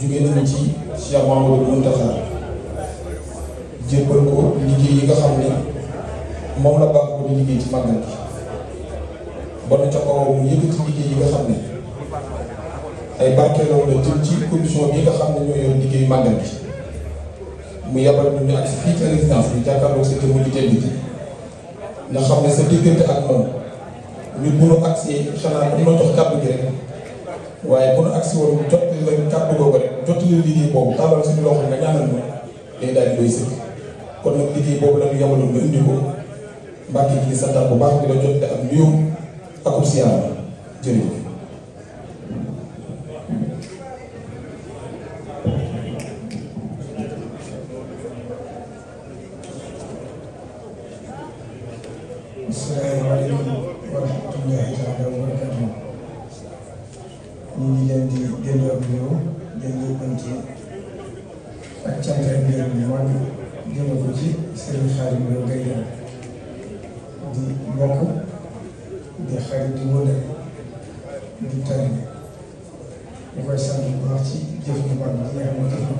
jugee nañu ci Cheikh Mamadou Mountakha jébbal ko liggéey yi nga xam ne moom la baax ko di liggéey ci màggal gi ba na ca kaw mu yëkkati liggéey yi nga xam ne ay barkeeloo la jëm ci commission bi nga xam ne ñoo yor liggéeyu màggal gi mu yabal ñu ne ak fii ci résidence bi jàkkaarloo sa jëmm ju tedd ji nga xam ne sa diggante ak moom ñu bunu accès xanaa ñu ma jox kàddu gi waaye bu nu agsi woon jottali la kàddu googu rek jottali liggéey boobu tàllal suñu loxo nga ñaanal ma day daal di koy sëkk kon liggéey boobu la ñu yamaloon nga indi ko mbàkk yi di santaat bu baax di la jot ak nuyoo akub siyaar jërëjëf. asalaamaaleykum ñu ngi leen di delloo ak yow delloo ko ci ak cant ak ngërëm bu mag jëmee ko ci Serigne Khadim Lo Gaye di mbokk di xarit di wóor di tari ñu koy sant bu baax ci jëf bu mag bi nga xam ne jëf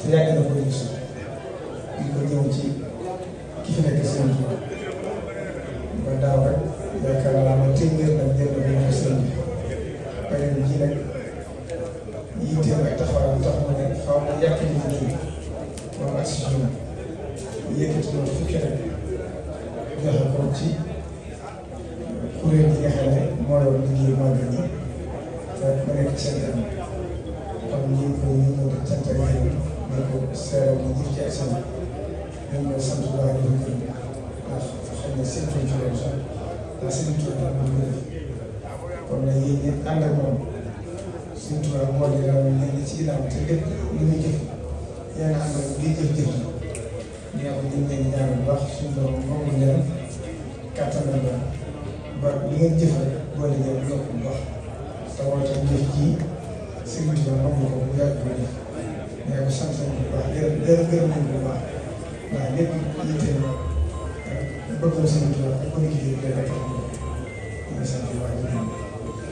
te yàgg na ko di ko jëm ci ki fi nekk seen tur ba daaw rek yaakaar naa ma téeméer nag jënd nag yitteem ak taxawaayam tax na ne xaw ma yàq ñu mu tuuti moom ak si ñoom yëkkati na fukki at joxe ko ci kuréel yi nga xam ne moo yor liggéey màggal yi ak ma nekk seen kanam kon ñu ngi koy ñu ngi ko cant ak yéen ñu ko seeral ñu ngi ci ak seen ñu ngi sant bu baax di ko ndax xam ne seen tuuti la sax ndax seen tuuti la kon nag yéen ñëpp ànd ak moom suñu turam moo di raw ñu ngi ci itam te lépp lu ñu jëf yaa nga jëf jëf ñu ko ñu ngi ñaan bu baax suñu borom moom leen kattan na ba li ngeen jëf rek boo di ñëw yokk bu baax te woote jëf ji sëriñ bi moom ko bu yàgg bu def ñu ko sant bu baax gërëm gërëm nañ bu baax ndax lépp yitte na bëgg na sëriñ bi ak bëgg liggéey bi rek ñu ngi sant bu baax